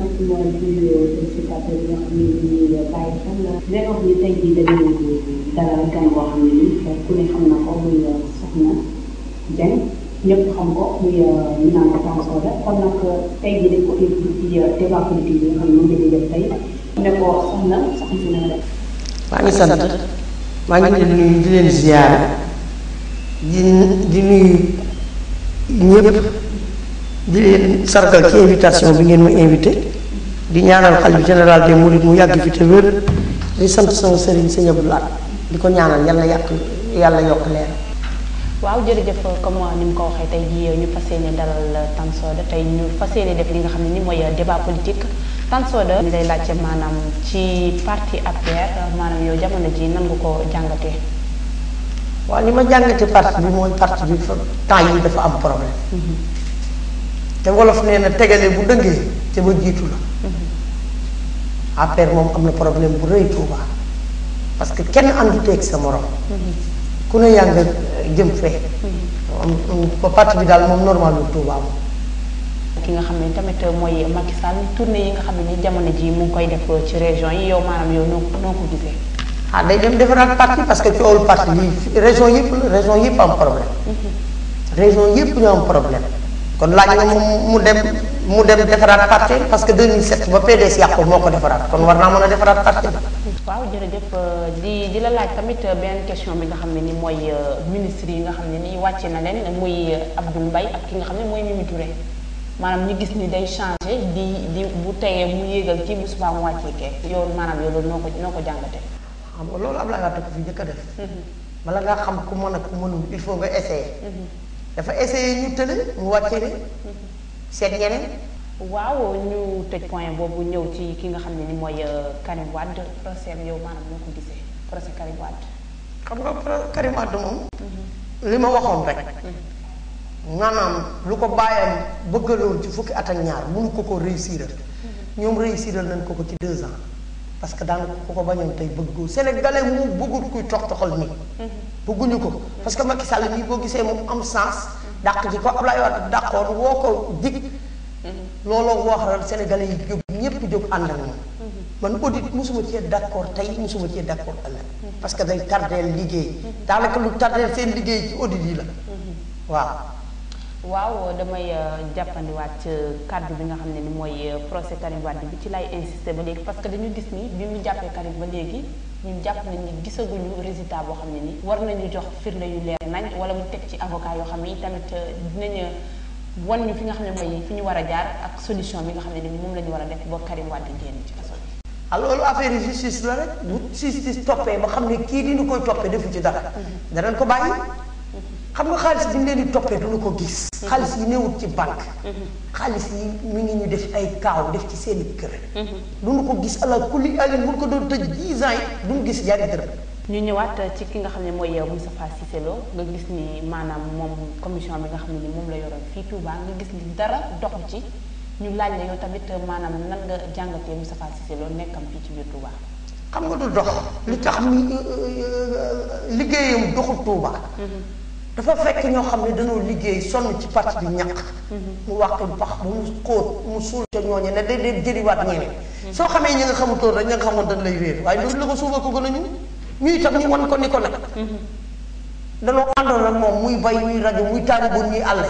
sant xam ne ñu bàyyi xel la leen wax ni tey jii dañu dalal gan boo xam ne ku ne xam na ko muy Soxna Dieng ñëpp xam ko muy ñu naan ko Tan Soda nag tey jii dañ di di leen ziar di di nuyu ñëpp di leen sargal ci invitation bi ngeen ma invité di ñaanal xalif général des mourides mu yàgg fi te wér di sant sama sëriñ sëñ Abdou di ko ñaanal yàlla yàq yàlla yokk leer waaw jërëjëf comme ni mu ko waxee tey jii ñu fas yéene dalal Tan Soda tey ñu fas yéene def li nga xam ne ni mooy débat politique Tan Soda ñu lay laajte maanaam ci parti APR maanaam yow jamono ji nan ko jàngatee waaw li ma jàngate parti bi mooy parti bi fa temps yi dafa am problème mm-hmm. te wolof nee na tegale bu dëngee te ba jiitu la APR moom am na problème bu rëy Touba parce que kenn àndutee ak sa morom. ku ne yaa nga jëm fee. Mm-hmm. Mm-hmm. ba parti bi daal moom normalu Touba moom. ki nga xam ne tamit mooy Macky Sall tournée yi nga xam ne jamono ji mu ngi koy def ci région yi yow maanaam yow noo noo ko gisee. ah day dem defaraat parti parce que coowul parti bi région yëpp région yëpp am problème. Mm-hmm. région yëpp ñu am problème kon laaj nga mu dem. mu dem defaraat parti parce que 2007 ba PDS yàqu moo ko defaraat kon war naa mën a defaraat parti bi. waaw jërëjëf di di la laaj tamit benn question bi nga xam ne ni mooy euh, ministre yi nga xam ne ni wàcce na leen muy euh, Abdoul mbay ak ki nga xam ne mooy Mimi Touré maanaam ñu gis ni day changé di di bu teyee mu yéegal kii bu subaa mu wàccee kee yow maanaam yow loolu noo ko noo ko jàngatee. xam nga loolu Abdoulaye Wade ko fi njëkk a def. Mm-hmm. bala ngaa xam ku mën ak ku mënul il faut nga essayer. Mm-hmm. dafa essayer ñu tële mu seet yeneen waaw ñu tëj point boobu ñëw ci ki nga xam ne ni mooy euh, Karim Wade procès yow maanaam moo ko gisee procès Karim Wade xam nga Karim Wade moom mhm. li ma waxoon rek mhm. maanaam lu ko bàyyam bëggaloon ci fukki at ak ñaar mënu ko ko réussiral mhm. ñoom réussiral nañ ko ko ci deux ans parce que daan ko ko bañoon tey bëggu sénégalais mu bëggul kuy tox toxal nii bëgguñu ko parce que Macky Sall mii boo gisee moom am sens dàq ji ko Ablaye Wade dàqoon woo ko dig looloo waxal Sénégalais yi jóg ñépp jóg ànd ak moom man audit mosuma cee d'accord tey mosuma cee d'accord ëllëg parce que day tardeel liggéey daanaka lu tardeel seen liggéey ci audit yi la waaw waaw damay euh, jàppandiwaat kàddu bi nga xam ne ni mooy euh, procès Karim Wade bi ci lay insister ba léegi parce que dañu gis nii bi mu jàppee Karim ba léegi ñun jàpp nañ ni gisaguñu résultat boo xam ne ni war nañu jox firnde yu leer nañ wala mu teg ci avocat yoo xam ne yi tamit euh, dinañu wan ñu fi nga xam ne mooy fi ñu war a jaar ak solution bi nga xam ne ni moom la war a def ba Karim Wade génn ci kaso bi ah, loolu affaire yi justice la toppee ba xam ne kii di ñu koy toppee defu ci dara mhm. danañ ko bàyyi xam nga xaalis bi ñu leen di toppee duñu ko gis. Mhm. xaalis yi newut ci banque. Mhm. xaalis yi mu ngi ñu def ay kaaw def ci seen i kër. Mhm. duñu ko gis ala li alin buñ ko doon tëj 10 ans yi duñu gis ñaari dërëm. ñu ñëwaat ci ki nga xam ne mooy Moustapha Cissé Lo nga gis ni maanaam moom commission bi nga xam ne ni moom la yoroon fii Touba nga gis ni dara doxu ci ñu laaj la yow tamit maanaam nan nga jàngatee Moustapha Cissé Lo nekkam fii ci biir Touba. xam nga du dox li tax mi euh, euh, euh, liggéeyam doxu Touba. dafa fekk ñoo xam ne dañoo liggéey sonn ci parti bi ñàkk mu waxtu pax bu mu xóot mu suul ca ñooñe ne day day jëriwaat ñeneen soo xamee ñi nga xamutoon rek ña xamoon dañ lay réer waaye loolu ko ko gën a ñu ñu itam ko ni ko nag danoo àndoon ak moom muy bay muy rajo muy taaliboon ñuy àll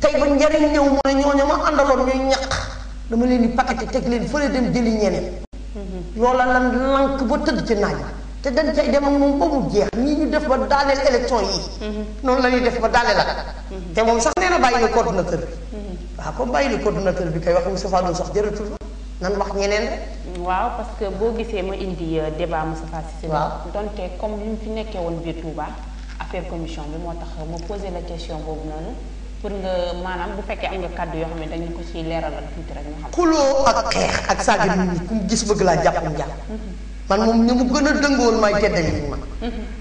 tey ba njariñ ñëw mu ne ñooñu ma àndaloon ñuy ñàkk dama leen di paqueté teg leen fële dem jëli ñeneen loola lan lank ba tëdd ci naaj te dañ cay demal ak moom ba jeex ñii ñu def ba daaneel élection yi. Mm-hmm. noonu la ñuy def ba daaneel ak. Mm-hmm. te moom sax nee na bàyyi na coordinateur bi. Mm-hmm. waaw wax Moussa Fallou sax jërëtul nan wax ñeneen rek. waaw parce que boo gisee ma indi euh, débat Moussa Fass. waaw donte comme li mu fi nekkee woon biir Touba affaire commission bi moo tax ma posé la question boobu noonu. pour maanaam bu fekkee am nga kàddu yoo xam ko ciy leeralal tuuti rek ñu xam. xuloo ak ak saaga nit ñi mu gis bëgg laa jàpp njàpp. man moom ñu mu gën a dëngoon may tedda liñ ma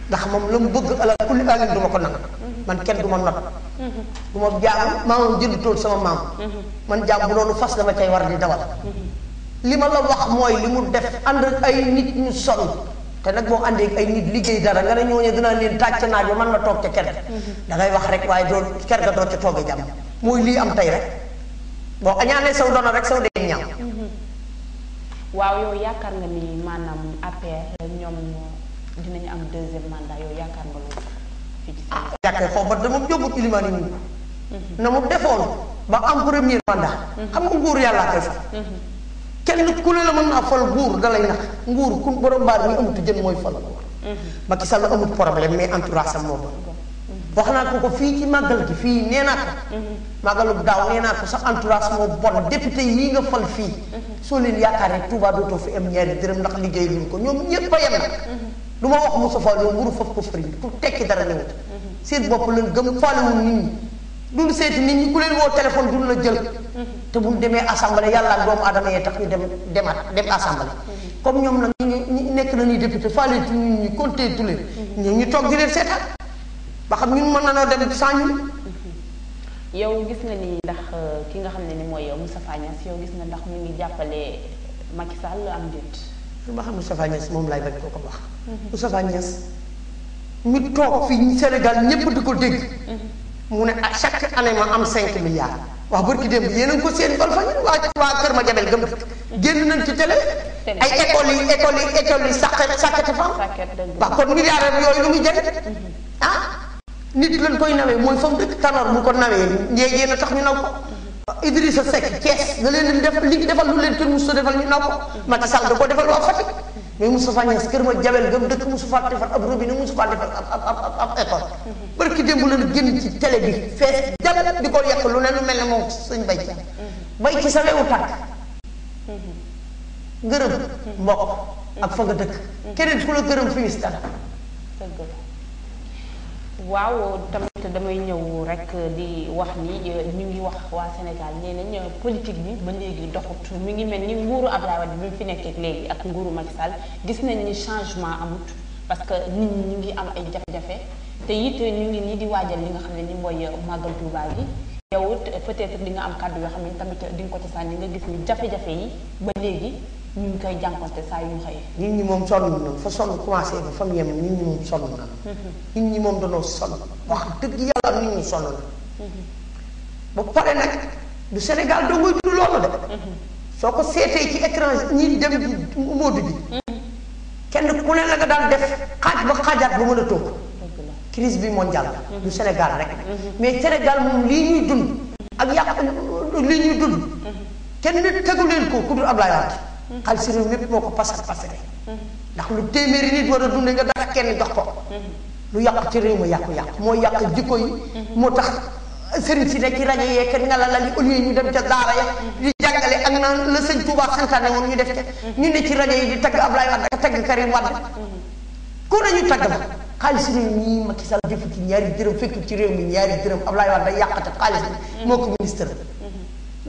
ndax moom la mu bëgg ala kulli alin du ma ko nag man kenn du ma not du ma jaam maamam jënd tool sama maam man jaam loolu doonu fas dama cay war di dawal li ma la wax mooy li mu def ànd ak ay nit ñu sonn te nag boo àndee ay nit liggéey dara nga ne ñooñu dinaa leen tàcc naaj ba man ma toog ca ker da ngay wax rek waaye doo ker ga doo ca toogee jàmm mooy lii am tey rek boo añaanee saw doona rek saw dee ñaaw waaw yow yaakaar nga ni maanaam APR ñoom dinañu am deuxième mandat yow yaakaar nga loolu fii ci Sénégal. ah yaakaar foofu ba dama jógul ilimaan yi na mu defoon ba am premier mandat. Mhm. xam nga nguur yàlla koy fa. Mhm. kenn ku ne la mën a fal nguur da lay nax nguur ku borom mbaar mi amut jën mooy fal nguur. Mhm. Macky amut problème mais entourage am moo wax naa ko ko fii ci màggal gi fii nee naa ko mm-hmm. màggalub daaw nee naa ko sa entourage moo bon député yii nga fal fii mm-hmm. soo leen yaakaaree Touba dootoo fi am ñaari dërëm ndax liggéey luñ ko ñoom ñépp a yem mm-hmm. lu ma wax Moussa Fall yow ko fëriñ ku tekki dara newut seen bopp lañ gëm faalewul nit ñi duñ seeti ku leen woo téléphone duñ la jël te buñ demee assemblée yàlla ak doomu aadama yee tax ñu dem demaat dem assemblée comme ñoom nag ñi nekk nañuy député faaleetu nit ñi ñu ñu toog di leen seetaan ba xam ñun mën nanoo dem sans ñun. yow gis nga ni ndax euh, ki nga xam ne ni mooy mu Moustapha Niass yow gis nga ndax mu ngi jàppale Macky Sall am déet. lu ma xam Moustapha Niass moom laay bañ koo ko wax. Mhm. Moustapha Niass mi toog fii Sénégal ñépp di ko dégg. Mhm. mu ne à chaque année ma am 5 milliards. wax barki dem yéen a ko seen bal fa ñun waa waa Kër Madiabel gëm génn nañ ci télé. ay école yi école yi école yi sàkk sàkkati fa. waaw kon milliards yooyu lu muy jëriñ mhm. ah. nit lañ koy nawee mooy fa mu dëkk Tanor bu ko nawee yéen a tax ñu naw ko. Idrissa Seck Thiès da leen di def li defal lu leen kenn musu defal ñu naw ko. Macky Sall da ko defal waa Fatick. mais Moustapha Niass kër ma jabel gëm dëkk Moustapha defal ab robinet Moustapha defal ab ab ab ab école. barki démb leen génn ci télé bi fees jabel di ko yàq lu ne lu mel ne moom suñ bay ci bay ci sa wewu tànk. gërëm mbokk. ak fa nga dëkk. keneen ku la gërëm fi waaw tamit damay ñëw rek di wax ni euh, ñu ngi wax waa Sénégal nee nañ euh, politique bi ba léegi doxut mi ngi mel ni nguuru Abdoulaye Wade bi mu fi nekkee léegi ak nguuru Macky Sall gis nañ ni changement amut parce que nit ñi ñu ngi am ay jafe-jafe te it ñu ngi nii di waajal li nga xam ne ni mooy euh, màggal Touba gi yow peut-être di nga am kàddu yoo xam ne tamit di nga ko ci sànni nga gis ni jafe-jafe yi ba léegi. ñu ngi koy jànkonte ñu nit ñi moom sonn na fa sonn commencé ba fa mu yem nit ñi moom sonn na. nit ñi moom danoo sonn wax dëgg yàlla nit ñi sonn na. ba pare nag du Sénégal doo ngay loolu de. soo ko seetee ci étranger ñi dem di mode kenn ku ne la nga daan def xaaj ba xaajaat ba mën a toog. crise bi mondiale la. du Sénégal rek. mais Sénégal moom lii ñuy dund. ak yàq lii ñuy dund. kenn tegu leen ko ku dul Ablaye Wade xaalis réew mépp moo ko pasar pasare ndax lu téeméeri nit war a dundee nga dara kenn jox ko lu yàq ci réew ma yàq yàqu moo yàq jikko yi moo tax sëriñ si ne ci rajo yee kenn nga la la li au lieu ñu dem ca daara ya di jàngale ak naan la sëñ Touba santaane woon ñu def te ñu ne ci rajo yi di tagg Ablaye Wade ak tagg Karim Wade ku nañu tagg la xaalis réew ñii Macky Sall jëfu ci ñaari dërëm fekku ci réew mi ñaari dërëm Ablaye Wade day yàqate xaalis bi moo ko ministre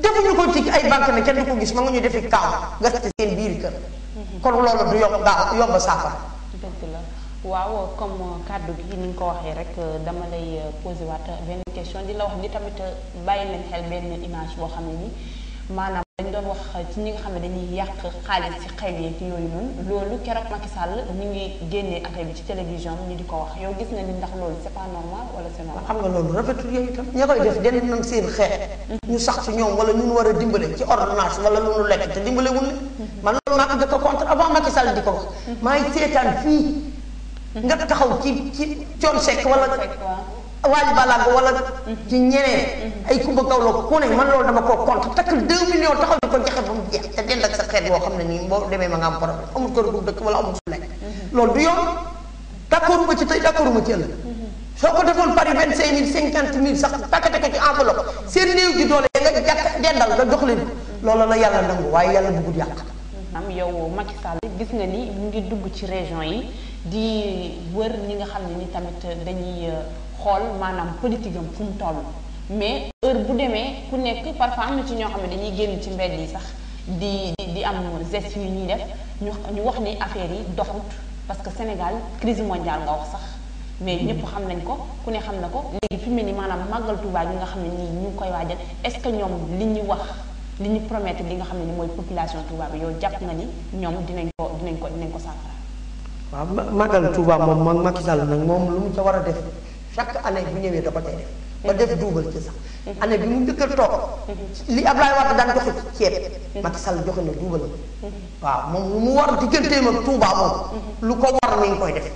defuñu ko ci ay banque ne kenn du ko gis ma nga ñu defi kaaw nga ci seen biir kër. Mhm. kon loolu du yomb gaaw yomb saafara. dëgg la waaw comme kàddu gi ni nga ko waxee rek dama lay euh, posé waat benn question di la wax ni tamit euh, bàyyi leen xel benn image boo xam ne nii maanaam. dañu doon wax ci ñi nga xam ne dañuy yàq xaalis ci xel yeeg yooyu noonu loolu keroog Macky Sall ñu ngi génnee affaire bi ci télévision ñu di ko wax yow gis nga ni ndax loolu c'est pas normal wala c'est normal. xam nga loolu rafetul yooyu itam ña koy def danañ nañ seen xeex. ñu sax ci ñoom wala ñun war a dimbale ci ordonnance wala lu nu lekk te dimbale wuñ man loolu maa ngi ko contre avant Macky Sall di ko wax. maa ngi seetaan fii. nga taxaw ci ci coon sekk wala. waali balaago wala ci ñeneen mm-hmm. ay kumba gaw la ku ne man loolu dama koo compte takk deux millions taxaw di ko joxe ba mu jeex te dend ak sa xeet boo xam ne nii boo demee ma nga am problème amul kër gu dëkk wala amul su lekk mm-hmm. loolu mm-hmm. soo ko defoon pari vingt cinq mille cinquante mille sax pakkate ko ci enveloppe seen néew ji doole nga jàkk dendal nga jox leen loolu la yàlla nangu waaye yàlla bëggul yàq am yow Macky Sall gis nga ni mu ngi dugg ci région yi di wër ñi nga xam ne ni tamit dañuy euh, xool maanaam politique am fu mu toll mais heure bu demee ku nekk parfois am na ci ñoo xam ne dañuy génn ci mbedd yi sax di di di am geste yu ñuy def ñu ñu wax ni affaire yi doxut parce que Sénégal crise mondiale nga wax sax mais ñëpp xam nañ ko ku ne xam na ko léegi fi mu ne maanaam màggal Tuubaa gi nga xam ne nii ñu ngi koy waajal est-ce que ñoom li ñu wax li ñu promettre li nga xam ne ni mooy population Touba yow jàpp nga ni ñoom dinañ ko dinañ ko dinañ ko saafara. waaw màggal Touba moom mag Macky Sall nag moom lu mu ca war a def chaque année bu ñëwee da ko tey def ba def duubal ci sax année bi mu njëkk a toog li Ablaye Wade daan joxe ci ceeb Macky Sall joxe na duubal waaw moom lu mu war digganteem ak Touba lu ko war mi ngi koy def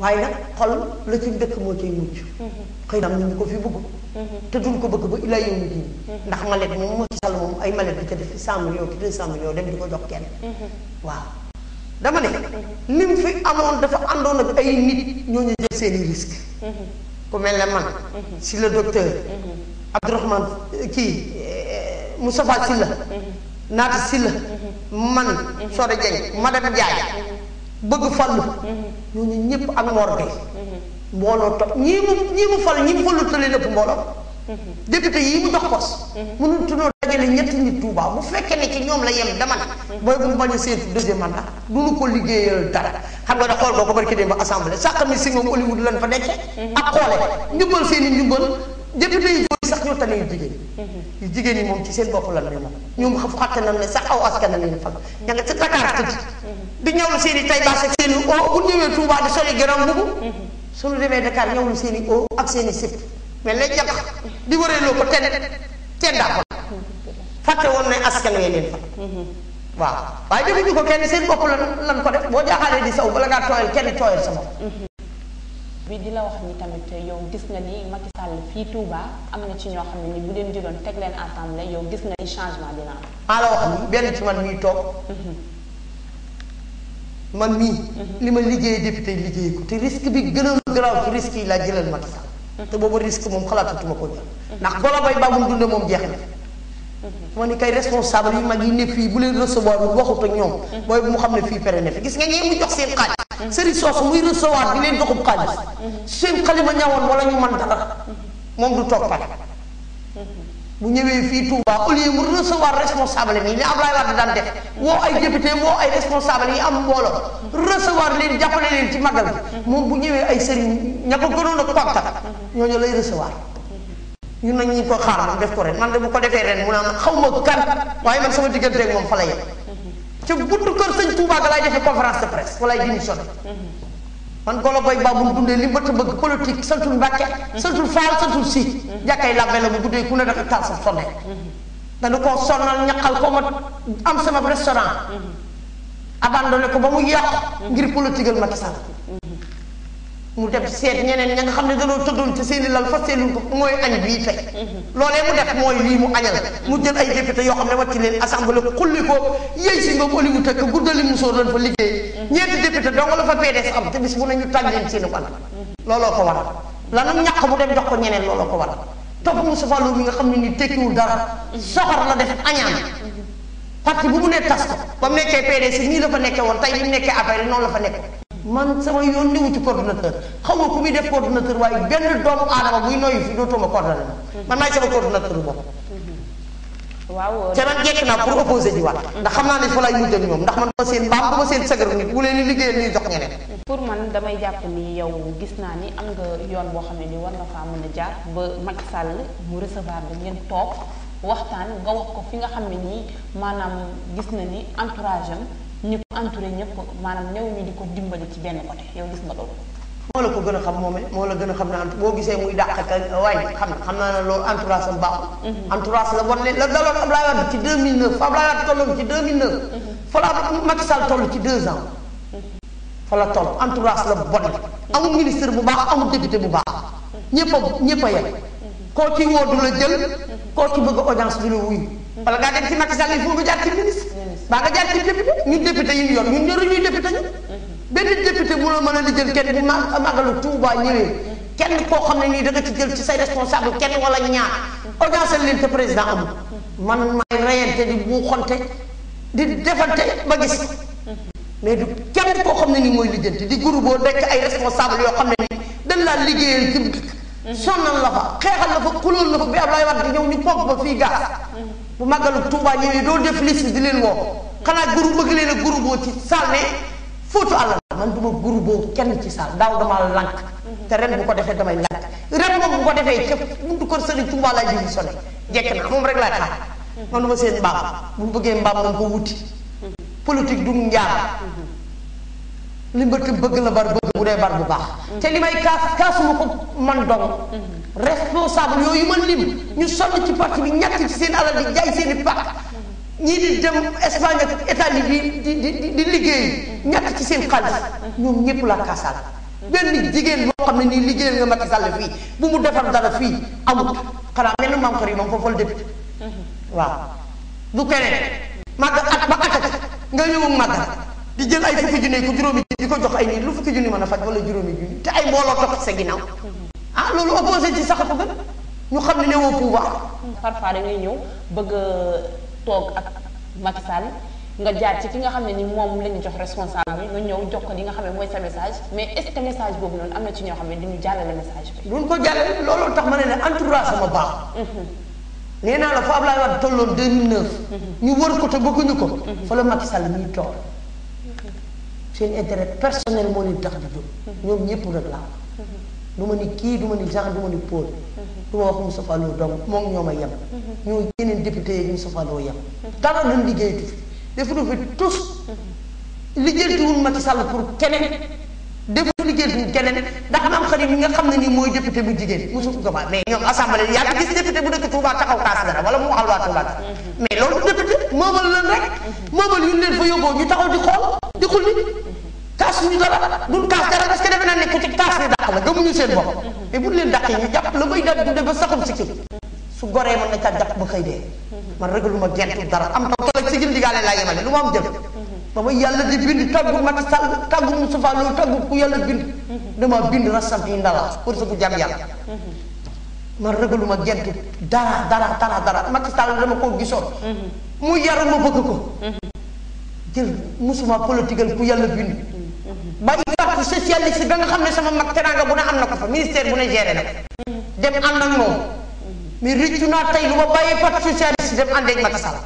waaye nag xol la ci dëkk moo ciy mucc xëy na am nañu ko fi bëgg te ko bëgg ba illa yow mi ji ndax malet moom Macky Sall moom ay malet bi ca def cent millions ki deux dem di ko jox kenn waaw dama ne lim fi amoon dafa àndoon ak ay nit ñoo ñu jël seen i risque ku mel ne man mhm. si le docteur mhm. Abdourahmane kii Moustapha Sylla mhm. naata Sylla man Sore Dieng madame Ndiaye bëgg fallu ñooñu ñëpp ak Mor mbooloo to ñii mu ñii mu fal ñii mu falu tële lépp mbooloo député yi mu dox kos mënul tunoo dajale ñetti nit Touba bu fekkee ne ñoom la yem dama ne booy bu mu bañ a seetu deuxième mandat duñu ko liggéeyal dara xam nga da xool boo ko barki dem ba assemblée sàq mi si moom Hollywood lan fa nekk ak xoole njubal seen i njubal député yi góor sax ñoo tane yu mhm. jigéen yi moom ci seen bopp lan ne moom ñoom xam xatte na ne sax aw askan na leen fal ña nga ca Dakar tëdd mhm. di ñawlu seen i tay seen mel ne jàpp di wëree loo ko ten ten dàpp fàtte woon ne askan wee leen fa waaw waaye defuñu ko kenn seen bopp lan ko def boo jaaxaalee di saw bala ngaa tooyal kenn tooyal sa bopp bi di la wax ni tamit yow gis nga ni Macky Sall fii Touba am na ci ñoo xam leen jëloon teg leen ensemble yow gis nga ni changement dina am maa la wax ni benn ci man mii toog man nii mhm. li ma liggéey député liggéey ko te risque bi gën a garaaw ci yi laa jëlal Macky te boobu risque moom xalaatatuma ko ndax golo bay baa mu dund moom jeex na ma ni kay responsable yi mag yi ne fii bu leen recevoir bu waxut ak ñoom booy bu mu xam ne fii pere ne fi gis nga ñee mu jox seen xaaj sëriñ soosu muy recevoir di leen joxub xaalis seen xalima ñawoon wala ñu man dara moom du toppat bu ñëwee fii Touba au lieu mu recevoir responsable yi li Ablaye Wade daan def woo ay député woo ay responsable yi am mbooloo recevoir leen jàppale leen ci magal bi moom bu ñëwee ay sëriñ ña ko gënoon a kontaan ñooñu lay recevoir ñun nag ñu ko xaar man def ko ren man de bu ko defee ren mu naan xaw ma kan waaye man sama diggante ak moom fa la yem ca kër sëñ Touba ga laay defee conférence de presse walaay démission man golo boy ba bu dundee li mbët a bëgg politique santul mbàkke santul faal santul si jàkkay làmbe la bu guddee ku ne dafa taal sa sonne dana koo sonnal ñaqal ko ma am sama restaurant mm-hmm. abandonné ko ba mu yàq mm-hmm. ngir politiqueal Macky Sall mu def seet ñeneen ña nga xam ne danoo tëddoon ci seen lal fas seeluñ ko mooy añ bii tey loolee mu def mooy lii mu añal mu jël ay député yoo xam ne wàcc leen assemblée xulli ko yëy si la fa PDS mu dem jox ko ñeneen looloo ko waral topp mu safaloo mi nga xam ne ni tekkiwul dara soxor la def añaan parti bu mu ne tas ko ba mu nekkee PDS nii la fa nekkee woon tey bi mu nekkee affaire noonu la fa nekk man sama yoon newu ci coordonnateur xaw ma ku muy def coordonnateur waaye benn doomu aadama buy noyyi fi dootuma coordonnateur man maay sama coordonnateur bopp. waaw te nag jekk naa pour opposé ji ne fa lay mujj ak ñoom ndax man ba seen mbaam ba seen sagar nit pour man damay jàpp ni yow gis naa ni am nga yoon boo xam ne ni war nga faa mën a jaar ba Macky Sall mu recevoir la ngeen toog waxtaan nga wax ko fi nga xam ne nii maanaam gis na ni entourage am ñi ko entouré ñëpp maanaam ñëw ñu di ko dimbali ci benn côté yow gis nga loolu. moo la ko gën a xam moome moo la gën a xam ne ent boo gisee muy dàq ak wàññi xam xam naa ne loolu entourage am baaxul. Mhm. entourage la bon ne la daloon Ablaye Wade ci 2009 fa Ablaye Wade tolloon mhm. la Macky Sall toll mhm. la toll bon amul ministre bu baax amul député bu baax. ñëpp a ñëpp a yem. koo ci woo la jël. koo ci bëgg audience du la wuyu. wala ngaa dem ci Macky Sall il jaar ci ministre. baa nga jaar ci député ñun député yi ñu yor ñun ñoruñuy député ñu benn député bu la mën a lijël kenn bi ma magalu Touba ñëwee kenn koo xam ne nii da nga jël ci say responsable kenn wala ñaar audience leen te président amul man may reyante di buuxante di defante ba gis mais du kenn koo xam ne nii mooy lijjanti di groupe boo nekk ay responsable yoo xam ne nii dañ laa liggéeyal ci dëkk sonnal la fa xeexal na fa kulool la fa bi Ablaye Wade ñëw ñu pomp ba fii gaas bu màggalu Tuubaa ñëwee doo def liste di leen woo xanaa guru bëgg leen a guru ci saal ne fóotu àll man duma guru boo kenn ci saal daaw damaa lànk te ren bu ko defee damay lànk ren moom bu ko defee ca buntu ko Sëriñ Tuubaa laa jibi sone jekk naa moom rek laay xaar man duma seen mbaam bu ñu bëggee mbaam moom ko wuti politique du mu li mbëtt bëgg la bar bëgg bu dee bar bu baax te li may kaas kaasuma ko man dong responsable yooyu ma lim ñu sonn ci parti bi ñàkk ci seen alal di jaay seen i pàkk ñii di dem Espagne ak Italie di di di liggéey ñàkk ci seen xaalis ñoom ñëpp la kaasal benn jigéen boo xam ne nii liggéeyal nga Macky Sall fii bu mu defar dara fii amut xanaa mel na maam kër yi moom foofu la député mhm. waa du keneen maga at ba atat nga ñëw màgg di jël ay fukki junne ko juróomi di ko jox ay nit lu fukki junni mën a faj wala juróomi junni te ay mbooloo topp sa ah sax ko gën ñu xam ne ne woo pouvoir parfois da ngay ñëw bëgg a toog ak Macky Sall nga jaar ci ki nga xam ne ni moom lañu jox responsable bi nga ñëw jox ko li nga xam ne mooy sa message mais est-ce que message boobu noonu am na ci ñoo xam ne duñu jàllale message bi. duñ ko jàllale looloo tax ma ne ne entourage sama baax. Mhm. nee naa la fa Ablaye Wade tolloon 2009. Mhm. ñu ko te bëgguñu ko. Mhm. fa seen intérêt personnel moo leen tax di jóg ñoom ñëpp nag laa du ma ni kii du ma ni Jean du ma ni Paul du ma wax Moustapha Lo dong moom ñoo ma yem ñoo yeneen député yeeg Moustapha Lo yem dara lan liggéeyatu fi defu fi tous liggéeyatuwul Macky Sall pour keneen defu liggéeyatuwul keneen ndax am xarit yi nga xam ne nii mooy député bu jigéen mosu ko ba mais ñoom assemblée yaa ngi gis député bu dëkk Touba taxaw kaas dara wala mu waxal waa Touba mais loolu député moomal leen rek moomal yu leen fa yóbboo ñu taxaw di xool di nit kaas ñu dara duñ kaas dara parce que defe naa nekk ci kaas ni dàq la gëmuñu seen bopp mais buñ leen dàqee ñu jàpp la bay daal dundee ba saxum si su goree mën na caa jàpp ba xëy dee man dara am taw lu ma am jëm ba ma yàlla di bind tàggu Macky Sall tàggu Moustapha Lo tàggu ku yàlla bind dama bind rasam yi ndala pour sa ku jàmm ya man ragaluma gentu dara dara dara dara dama mu bëgg ko jël musuma ku bind bàyyi parti socialiste ba nga xam ne sama mag teraanga bu ne am na ko fa ministère bu ne géré na dem ànd ak moom mais rëccu naa tey lu ma bàyyi parti socialiste dem ànd ak Macky Sall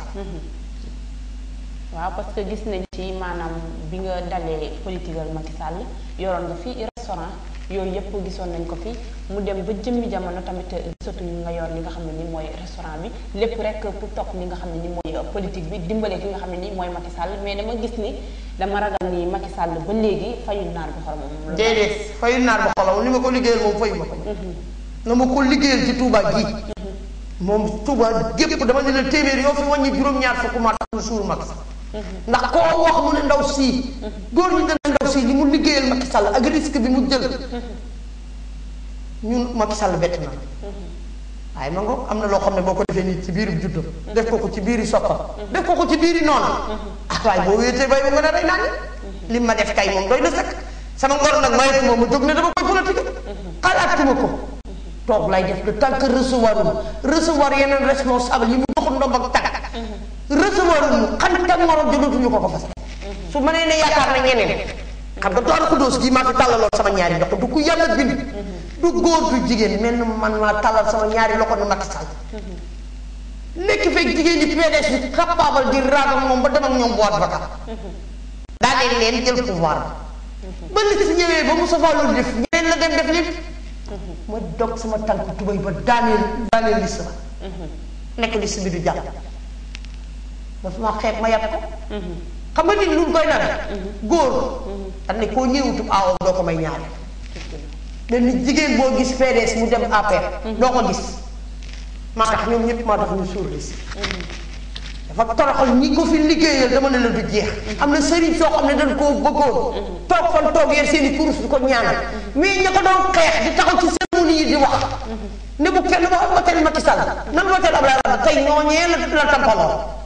waaw parce que gis nañ ci maanaam bi nga dalee politique ak Macky Sall yoroon nga fii restaurant yooyu yëpp gisoon nañ ko fi mu dem ba jëmmi jamono tamit gisatuñu nga yor li nga xam ne ni mooy restaurant bi lépp rek pour topp li nga xam ne ni mooy politique bi dimbale ki nga xam ne ni mooy Macky mais dama gis ni dama ragal ni Macky Sall ba léegi fayu naar bu xoromam. déedéet fayu naar bu xoromam li ma ko liggéeyal moom fayu ma ko. Mhm. na ma ko liggéeyal ci Touba gii. Mhm. moom Touba gépp dama ne la téeméer yoo fi wàññi juróom-ñaar fukk maa suur Macky Sall ndax ko wax mu ne ndaw si goor ñi dana ndaw si li mu liggéeyal Macky Sall ak risque bi mu jël ñun Macky Sall bett na waaye ma ngoog am na loo xam ne boo ko defee nii ci biiru judd def ko ko ci biir soppa def ko ko ci biir noonu ah waaye boo wéetee bay ba nga a rey naa li ma def kay moom doy na sëkk sama ngor nag may ko ma jóg ne dama koy politique xalaatuma ko toog lay def le tant que recevoir recevoir yeneen responsable yi mu doxul ak tànk ak morom jëndatuñu ko ko fas. su mënee ne yaakaar na ñeneen. xam nga Daara Xuddoos gii maa fi tàllaloon sama ñaari loxo du ku yàlla bind. du góor du jigéen mel na man maa tàllal sama ñaari loxo ni Macky Sall. nekk fekk jigéen ñi PDS bi xapaabal di raadam moom ba dem ak ñoom boîte vocale. daaneel leen jël pouvoir ba li si ñëwee ba Moussa Fall loolu def ñeneen la dem def lépp. ma dog sama tànk tubay ba daaneel daaneel liste ba. nekk liste bi du jàpp. ma xeeb ma yàpp ko xam nga nit lu koy nag mhm. góor am mhm. ne koo ñëwutub aawam doo ko may ñaari mel ni jigéen boo gis PDS mu dem APR mhm. doo ko gis maa tax ñoom ñëpp maa tax ñu suur si dafa toroxal ñi ko fi liggéeyal dama ne la du jeex am na sëriñ soo xam ne dañ koo bëggoon toog fan toog yéen seen i kurus di ko ñaanal mais ña ko doon xeex di taxaw ci seen yi di wax ne bu kenn wax wateel Macky Sall nan wateel Abdoulaye Wade tey ñooñee la tampaloo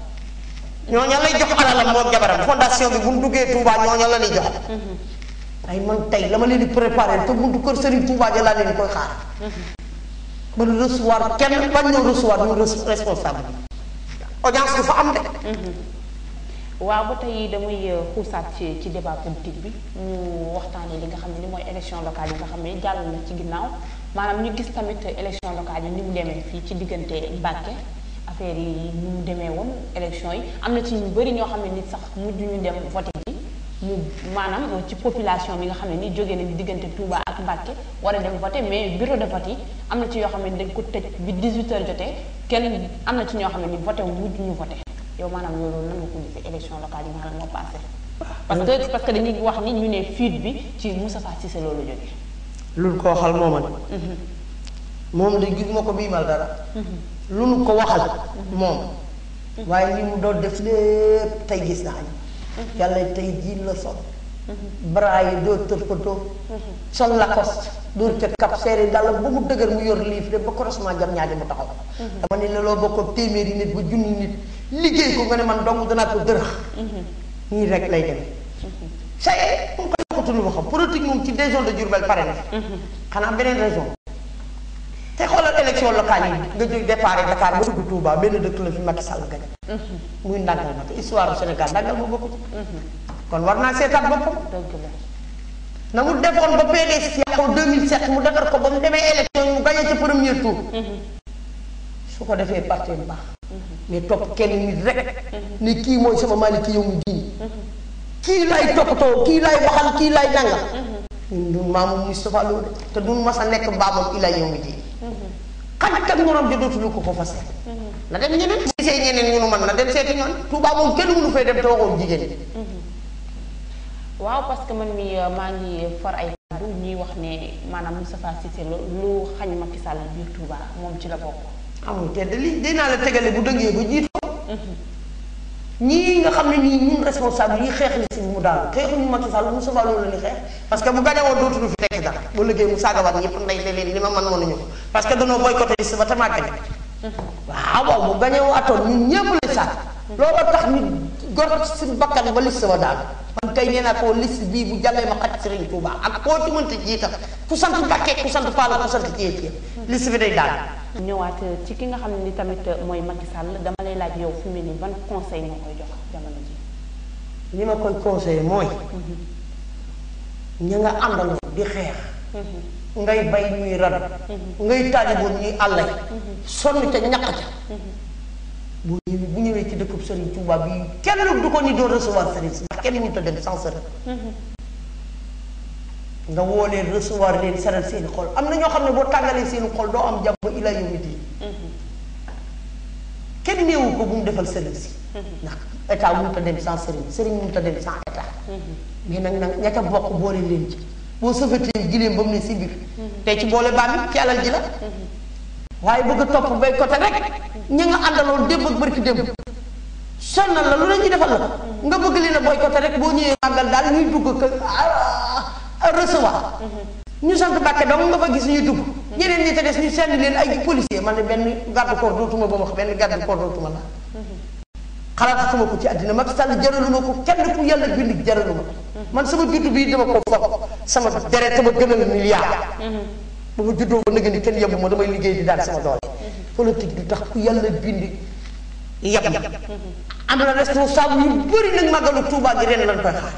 ñooña lay jox alalam moom jabaram fondation bi bu mu duggee Touba ñooña la lay jox. Mm-hmm. ay man tey la ma leen di préparé te buntu kër Serigne Touba ja laa leen di koy xaar. Mm-hmm. ba nu recevoir kenn bañ ñoo recevoir ñu responsable audience du fa am de. Mm-hmm. waaw ba tey damay euh, ci ci débat politique bi ñu waxtaanee li nga xam ne ni mooy élection locale yi nga xam ne jàll na ci ginnaaw maanaam ñu gis tamit élection locale yi ni mu demee fii ci diggante Mbàkke affaire yi ni mu demee woon élection yi am na ci ñu bëri ñoo xam ne nit sax mujj ñu dem voté ji ñu maanaam ci population bi nga xam ne ni jóge nañu diggante Touba ak Mbacké war a dem voté mais bureau de vote yi am na ci yoo xam ne dañ ko tëj bi 18 heures jotee kenn am xam ne ni voté wu mujj ñu voté yow maanaam loolu nan nga ko gisee élection locale yi nga xam ne que ñu ne fuite bi ci Moustapha Cissé loolu jógee. loolu mhm. moom de gis ma ko bii mal dara. Mhm. lu nu ko waxal moom waaye li mu doo def lépp tey gis naa ñu yàlla tey jii la sol bras yi doo tërpatoo sol la kos dóor ca kap seere dalla ba mu dëgër mu yor liif de ba croisement jam ñaari mu taxaw dama ne la loo bokkoon téeméeri nit ba junni nit liggéey ko nga ne man dong a ko dërëx nii rek lay demee ça y est mu ko yokkatu lu ma xam politique moom ci région de Diourbel pare na xanaa beneen région te xoolal élection locale yi nga jóg départ Dakar ba dugg Touba benn dëkk la fi Macky mhm. ko histoire Sénégal naggal ma bokku ci mhm. kon war naa seetaat boppam na ba PDS yàqu 2007 mu ko ba mu demee élection mu gañe mhm. su ko defee parti bu baax mais topp kenn nit rek ni kii mooy sama maali ki yow mu jiiñ kii laay toppatoo kii laay waxal kii laay nangam ñun du maamu Moustapha Lo de te duñ mas a nekk baabam ila yow mi ji xaj ak morom ji dootuñu ko ko fas. Mm-hmm. na dem ñeneen. bu gisee ñeneen ñu nu mën na dem seeti ñoom. Touba moom kenn mënu fay dem te jigéen mm-hmm. waaw parce que man mii euh, maa ngi far ay kàddu ñuy wax ne maanaam Moustapha si Lo lu xañ Macky Sall biir Touba moom ci la bokk. amul te de li dinaa la tegale bu dëngee ba jiitoo mm-hmm. ñii nga xam ne ñii ñun responsable yi xeex na si mu daal xeexuñu Macky Sall mu sabaloo la ni xeex parce que bu gañe woon fi tekk daal man kay nee bu jàllee ma xaj Serigne Touba ak koo ci mënta jiital ku sant Mbàkke ku sant Fall ku sant Thiel bi day daal ñëwaat ci ki nga xam ne ni tamit mooy Macky Sall dama lay laaj yow fi mu ne nii ban conseil nga koy jox jamono ji li ma koy conseil mooy ña nga àndal di xeex mhm. ngay bay ñuy radu mhm. ngay taaliboon ñuy àllay mhm. sonn ca ñaq ca bu ñëwee bu ñëwee ci dëkkub Serigne Touba bi kenn du ko ni doo recevoir Serigne ndax kenn mënut a dem sans nga woo leen recevoir leen seral seen i xol am na ñoo xam ne boo tàngalee seen i xol doo am jàmm ilaa yow midi mm-hmm. kenn néewu ko bu mu defal sëriñ si mm-hmm. ndax état mënut a dem sans sëriñ sëriñ mënut a dem sans état mm-hmm. mais nag nag ña bokk boole leen ci boo sëfatee jileem ba mu ne si biir ci boole baam yi ci alal ji la waaye bëgg a topp bay côté rek ña nga àndaloon démb ak barki démb sonnal la lu la ñuy defal la nga bëgg leen a boycotté rek boo ñëwee màggal daal ñuy dugg ak ah, recevoir. ñu sant Mbàkke dong nga fa gis ñu dugg. ñeneen ñi des ñu send leen ay policier man benn garde corps dootuma ba ma wax benn garde corps dootuma la xalaatatuma ko ci àddina Macky Sall jaraluma ko kenn ku yàlla bind sama juddu bii dama ko foog sama deret sama gënal milliard ba ma juddoo ba nëgë ni kenn yebbu ma damay liggéey di daal sama doole politique du tax ku yàlla bind yab am na responsable yu bëri nag màggalu Tuubaa gi ren lan koy xaar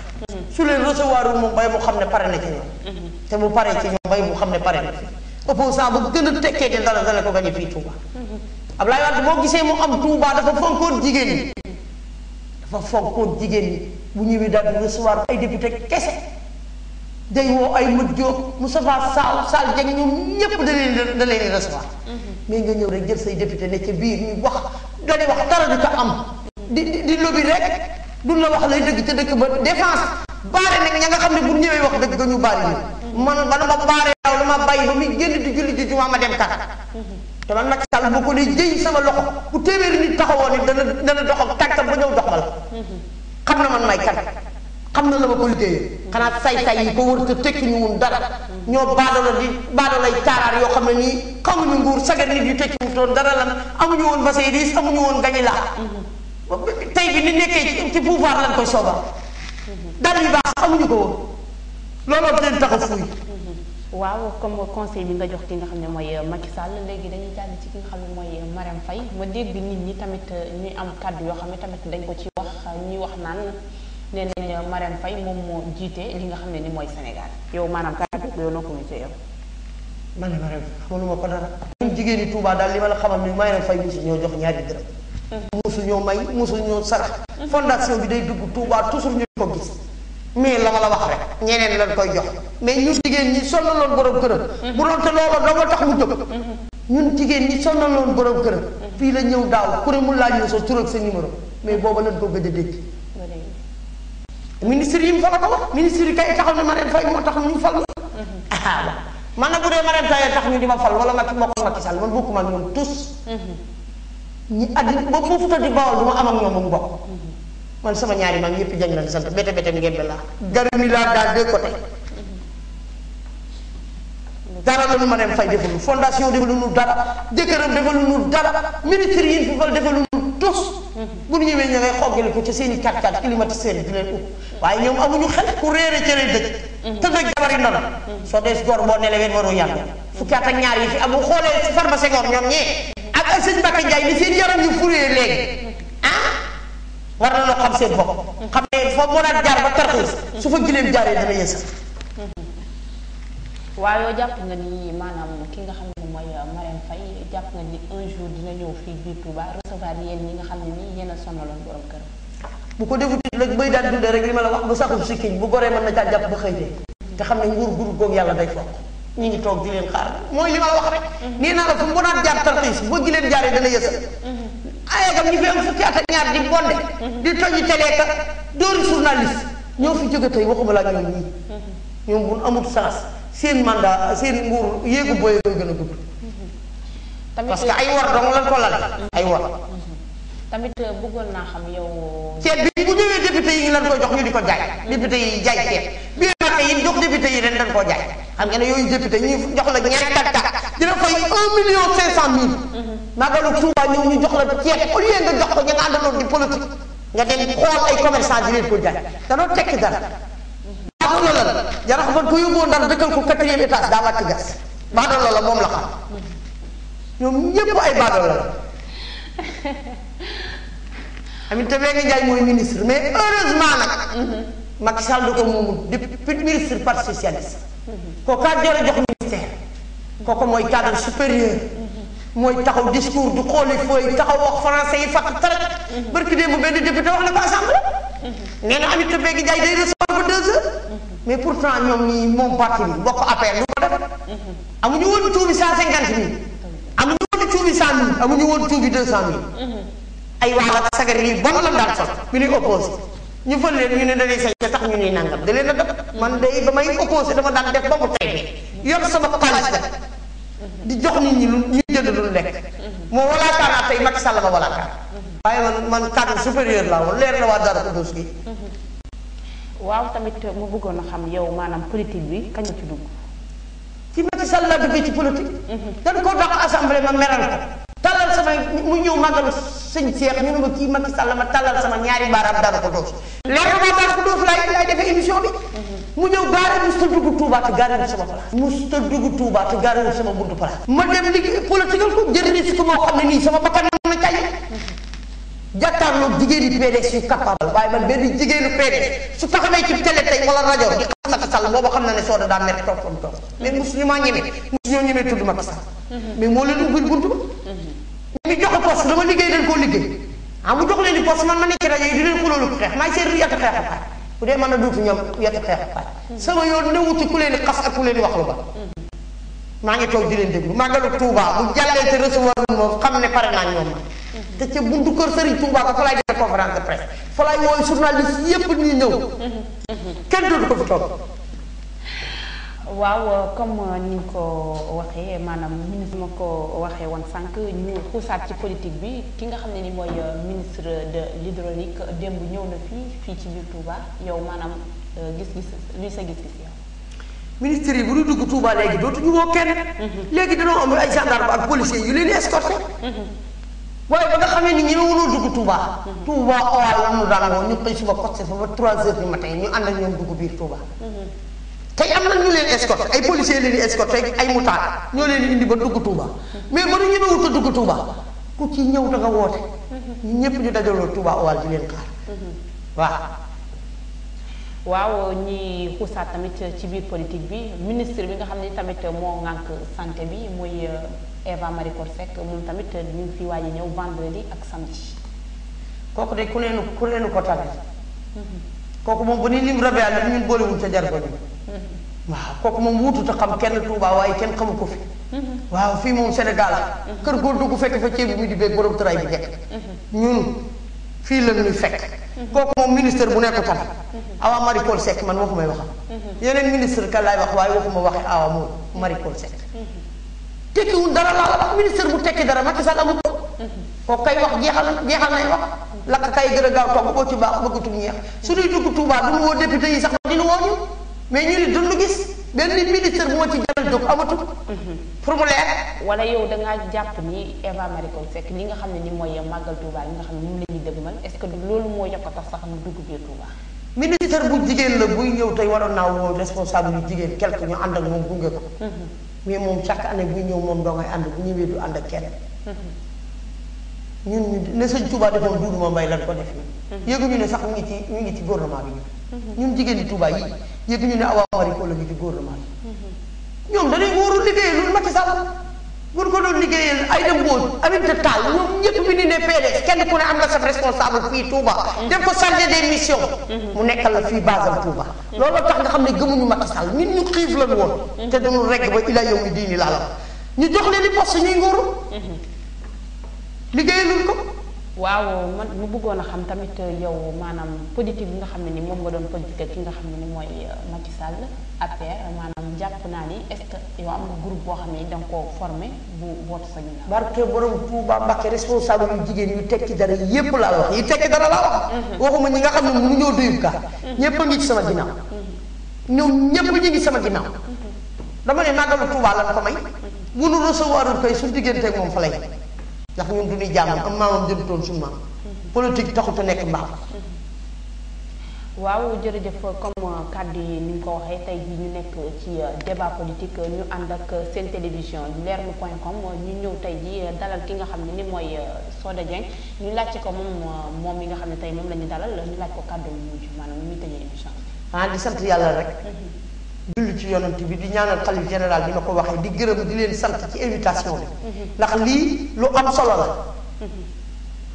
su leen recevoirul moom mbay mu xam ne pare na ci ñoom. Mhm. te bu paree ci ñoom mbay mu xam ne pare na ci opposant bu gën a te dala dala ko gañe fii Touba. Mhm. Ablaye Wade boo gisee mu am Touba dafa fonkoon jigéen ñi mhm. dafa fonkoon jigéen ñi bu ñëwee daal di recevoir ay député kese day woo ay Modou Diop Moustapha Sall Sall Dieng ñoom ñépp da leen da leen recevoir. mais nga ñëw rek jël say député ne ca biir ñu wax dañuy wax dara du ko am. di di di lobby rek la wax lay dëgg ca dëkk ba défense baare nag ña nga xam ne bu ñëwee wax dëgg ñu baare yi man bala ma baare yow ma bàyyi ba muy génn di julli ji jumaa ma dem kat te man Macky Sall bu ko ne jëy sama loxo ku téeméeri nit taxawoo ne dana dana doxal tànkam ba ñëw dox ma xam na man may kan xam na la ma ko liggéeyee xanaa say-say yi ko wër te tekki ñu woon dara ñoo baadoola di baadolay taaraar yoo xam ne nii xamuñu nguur sagar nit yu tekki mu toon dara lan amuñu woon Mercedes amuñu woon gañi laa tey bi ni nekkee ci pouvoir lañ koy sooba dal yu baax amuñu ko woon looloo leen tax a waaw comme conseil bi nga jox ki nga xam ne mooy Macky Sall léegi dañuy jàll ci ki nga xam ne mooy Marème fay ma dégg nit ñi tamit ñuy am kàddu yoo xam ne tamit dañ ko ci wax ñuy wax naan nee nañ Marème Faye moom moo jiite li nga xam ne ni mooy Sénégal yow maanaam a yow noo ko man Marème xamaluma ko dara. ñun jigéen ñi Touba daal li ma la xamal ni Marème Faye ñu si ñoo jox ñaari dërëm. musuñoo may musuñoo sarax fondation bi day dugg Touba toujours ñu ko gis mais la ma la wax rek ñeneen lañ koy jox mais ñun jigéen ñi sonaloon borom këram bu doon te loolu dama tax mu jóg ñun jigéen ñi sonaloon borom këram fii la ñëw daaw ku ne mu laa na sa tur sa numéro mais booba lañ ko gëj a dégg ministre yi mu fal ko wax ministre yi kay taxaw ne ma Marème Faye moo tax ñu fal ma ah, man na bu dee Marème Faye tax ñu di ma fal wala Macky moo ko Macky Sall man bokkuma ak ñoom ñi àddina ba mu futa di bawol du ma am ak ñoom ba mu bokk man sama ñaari maam yépp jañ la sant bete bete ngeen bi laa garmi laa daal deux côté dara la ñu ma dem fay defalu fondation defalu nu dara jëkkëram defalu nu dara ministre yi fi fal defalu nu tos bu ñu ñëwee ña ngay xoggale ko ci seen i kat kat climatiseur di leen ut waaye ñoom amuñu xel ku réere ca lay dëkk te nag jabari ndono soo des góor boo neleween waroo yàlla fukki at ak ñaar yi fi amul xoolee ak ak sëñ Mbacke Ndiaye ni seen yaram yu furee léegi ah war na loo xam seen bopp. xam ne foo mën a jaar ba tarxuus su fa gileem jaaree dana yeesal. waaw yow jàpp nga ni maanaam ki nga xam ne mooy euh, Marème Faye jàpp nga ni un jour dina ñëw fii biir Touba recevoir yéen xam ne nii yéen a sonaloon borom kër. bu ko defut la bay daan dundee rek li ma la wax bu saxul sikkiñ bu goree mën na caa jàpp ba xëy de te xam ne nguur guur googu yàlla day fokk. ñu ngi toog di leen xaar mooy li ma la wax rek. nee naa la fu mu bu tarxiis boo gi leen jaaree dana yësal. ayagam ñu fi am fukki at ak ñaar di bonde. di toji télé ka dóori journaliste ñoo fi jóge tey waxuma laa ñoom ñii. ñoom bu amut sens seen mandat seen nguur yéegu booy koy gën a gudd. parce que ay war dong lan ko ay war. tamit euh, bëggoon naa xam yow. Euh, ceeb bi bu ñëwee député yi lan koy jox ñu di ko jaay député yi jaay ceeb bi naka yi jox député yi ren dañ koo jaay xam nga ne yooyu député ñu jox la mhm. ñu jox la ceeb au lieu nga jox ko ña nga àndaloon di politique nga dem xool ay commerçant di leen ko jaay danoo tekki dara. baax mhm. na loola jarax ko yóbboo ndar dëkkal ko quatrième étage daa wàcc gas baax na moom la xam mhm. ñoom ñëpp ay baax na loola Aminata Mbengue Ndiaye mooy ministre mais heureusement nag. Mhm. Macky Sall du ko moomul depuis ministre parti socialiste. Mhm. kooku a jox ministère. Mhm. kooku mooy cadre supérieur. mooy taxaw discours du xooli fooy taxaw wax français yi fàtt tarat. barki démb benn député wax na ko assemblée. nee na Aminata Mbengue Ndiaye day recevoir ba deux heures. mais pourtant ñoom ñii moom parti bi bokk affaire lu ko def. amuñu woon tuubi cent cinquante mille. amuñu woon tuubi cent mille amuñu woon tuubi deux cent mille. ay wax la sagar yi bon la daan sol bi ñuy opposé ñu fël leen ñu ne dañuy sañ tax ñu ñuy nangam da leen a dëpp man day ba may opposé dama daan def ba mu tey bi yor sama xaalis la di jox nit ñi lu ñu jënd lu lekk moo walaakaanaat tey Macky Sall ma walaakaan waaye man man cadre supérieur laa woon leer la waa dara ko dos gi waaw tamit mu bëggoon a xam yow maanaam politique bi kañ ci dugg ci Macky Sall laa duggee ci politique mhm. dañ koo dàq assemblée ma talal sama mu ñëw màggalu sëñ Seex ñu ne ma kii Macky Sall ma talal sama ñaari baaraam dara ko doos léegi ma dara ko doos laay laay defee émission bi mu ñëw gaare musta dugg Touba te sama place musta dugg Touba te sama buntu place ma dem liggéey politique ko jël risque moo xam ne nii sama bakkan na cay jàkkaarloo jigéenu PDS yu capable waaye man benn jigéenu PDS su taxawee ci télé tey wala rajo di xam Macky xam na ne soo da daa mer toog fam toog mais mosuñu maa poste dama liggéey dañ koo liggéey ah mu jox leen di man ma nekk ci di leen xuloolu xeex maay seen yatu xeexu kaay bu dee mën a duutu ñoom ngi toog di leen déglu màggalu Touba bu jàllee te recevoir moom xam ne pare naa ñoom te ca buntu kër Serigne Touba ko fa laay def conférence de presse fa laay wooyu journaliste yépp ñuy ñëw kenn dootu ko fi toog waaw euh, comme euh, ni nga ko waxee maanaam ministre ma ko waxee woon sànq ñu xuusaat ci politique bi ki nga xam ne ni mooy euh, ministre de l'hydraulique démb ñëw na fii fii ci biir Touba yow maanaam gis-gis luy sa gis-gis yow. ministre yi bu ñu dugg Touba léegi dootuñu woo kenn. Mhm. léegi dañoo am ay gendarme ak policiers yu leen escorté. Mhm. waaye ba nga xamee ni ñi ne wuloo dugg Touba. Mhm. Touba oral la ñu daan ñu xëy suba cocc fa ba 3 heures du matin ñu ànd ak ñoom dugg biir Touba. tey am na ñu leen escorte ay policiers leen di escorte ay mutaat ñoo leen indi ba dugg Touba mais ba ñu ñemewut a dugg Touba ku ci ñëw da nga woote ñu ñëpp ñu dajaloo Touba Oil di leen xaar waaw waaw ñi xuusaat tamit ci biir politique bi ministre bi nga xam ne tamit moo ŋànk santé bi mooy euh, Eva Marie Coll moom tamit ñu ngi fi waaj ñëw vendredi ak samedi. kooku de ku leenu ku leenu ko kooku moom bu ni lim rabe yàlla ñun boolewuñ ca jar ko ñun waaw kooku moom wuutu te xam kenn Touba waaye kenn xamu ko fi waaw fii moom Sénégal kër góor dugg fekk fa ceeb bi mu di beeg borom tëraay bi njëkk ñun fii la ñuy fekk kooku moom ministre bu nekk tam Awa Marie Coll Seck man waxumay waxam yeneen ministre ka laay wax waaye waxuma waxe Awa moom Marie Coll Seck tekkiwul dara laa la wax ministre bu tekki dara Macky Sall amul ko kooku wax jeexal jeexal nay wax lakk kay gën a gaaw togg boo ci baax bëggatul ñeex su ñuy dugg Touba du woo député yi sax dinu woo ñu mais ñu ni dund gis benn ministre bu ma ci jaral jóg amatul pour jàpp ni Eva ni mooy xam ne moom est loolu moo yokk a tax sax mu dugg biir Touba ministre bu jigéen la buy ñëw tey waroon naa woo responsable yu jigéen quelque ñu ànd ak moom gunge ko mhm. mais moom chaque année buy ñëw moom doo ngay ànd bu ñëwee du ànd ak kenn ñun ñu ne sëñ Touba defoon Duudu ma mbay lan ko def nii. yëguñu ne sax ñu ngi ci ñu ngi ci gouvernement bi ñun jigéen ñi Touba yi yëguñu ne Awa Marie Coll la ngi ci gouvernement bi. ko ne am na sa responsable fii Touba. def ko chargé des missions. mu nekkal la fii base am Touba. tax nga xam ne gëmuñu Macky Sall ñun ñu xiif lan woon. te dañu regg ba ila yow diini laa la ñu jox leen di poste ñuy nguuru. liggéeyalul ko. waaw man mu bëggoon a xam tamit euh, yow maanaam politique bi nga xam ne ni moom nga doon politique ak ki nga xam ne ni mooy euh, Macky Sall APR maanaam jàpp naa ni est-ce que yow am nga groupe boo xam ne da nga koo formé bu wootu sa ginnaaw. barke borom Touba Mbacké responsable yu jigéen yu tekki dara yépp laa wax yi tekki dara laa wax. Mm-hmm. waxuma nga xam ne mu ñoo doyub ka mm-hmm. ñépp a ngi ci sama ginnaaw. Mm-hmm. ñoom ñépp ñu ngi sama ginnaaw. dama ne màggalu Touba lan ko may. bu nu recevoirul koy suñu digganteeg moom fa lay. ndax ñun du ñuy jàmm am maamam jëndutoon suñu maam politique taxut a nekk mbaam waaw jërëjëf comme kàddu yi ni nga ko waxee tey jii ñu nekk ci débat politique ñu ànd ak seen télévision leerlu point com ñu ñëw tey jii dalal ki nga xam ne ni mooy Soda Dieng ñu laaj ko moom moom mi nga xam ne tey moom la ñu dalal ñu laaj ko kàddu yu mujj maanaam ñu tëjee émission ah di sant yàlla rek mm-hmm. julli ci yonent bi di ñaanal xalif général bi na ko waxee di gërëm di leen sant ci invitation bi ndax lii lu am solo la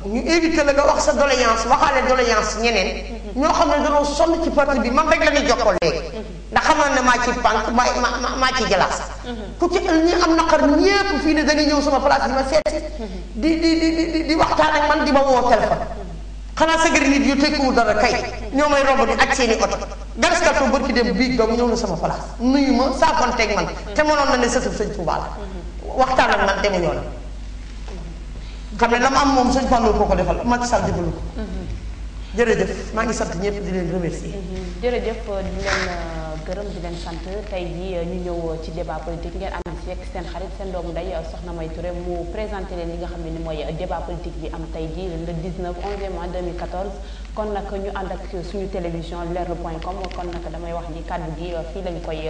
ñu invité la nga wax sa doléance waxaale doléance ñeneen ñoo xam ne dañoo sonn ci parti bi man rek la ñuy jokkoo léegi ndax xamal ne maa ci pànk maa maa ci jalaas ku ci ñi am naqar ñépp fii ne dañuy ñëw sama place bi ma seet di di di di waxtaan ak man di ma woo téléphone xanaa sa gëri nit yu tekkiwul dara kay ñoo may romb di ak garas galto bërki dem bii doomu ñëw na sama place nuyu ma saafonteeg man te mënoon na ne sëtub sëñ Tuubaa la waxtaan ak man te mu yoon xam ne la ma am moom sëñ Fallou koo ko defal Macky Sall defalu ko mhm. jërëjëf maa ngi sant ñëpp di leen remercier mhm. gërëm di leen sant tey jii euh, ñu ñëw euh, ci débat politique ngeen ànd ci ak seen xarit seen doomu ndey euh, Soxna May Touré mu présenté leen li nga xam ne ni mooy débat politique bi am tey jii le 19 11 mois 2014 kon nag ñu ànd ak suñu télévision leral point com kon nag damay wax ni kàddu gi fii lañ koy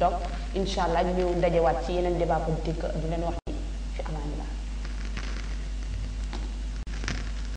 dog incha allah ñu dajewaat ci yeneen débat politique di leen wax.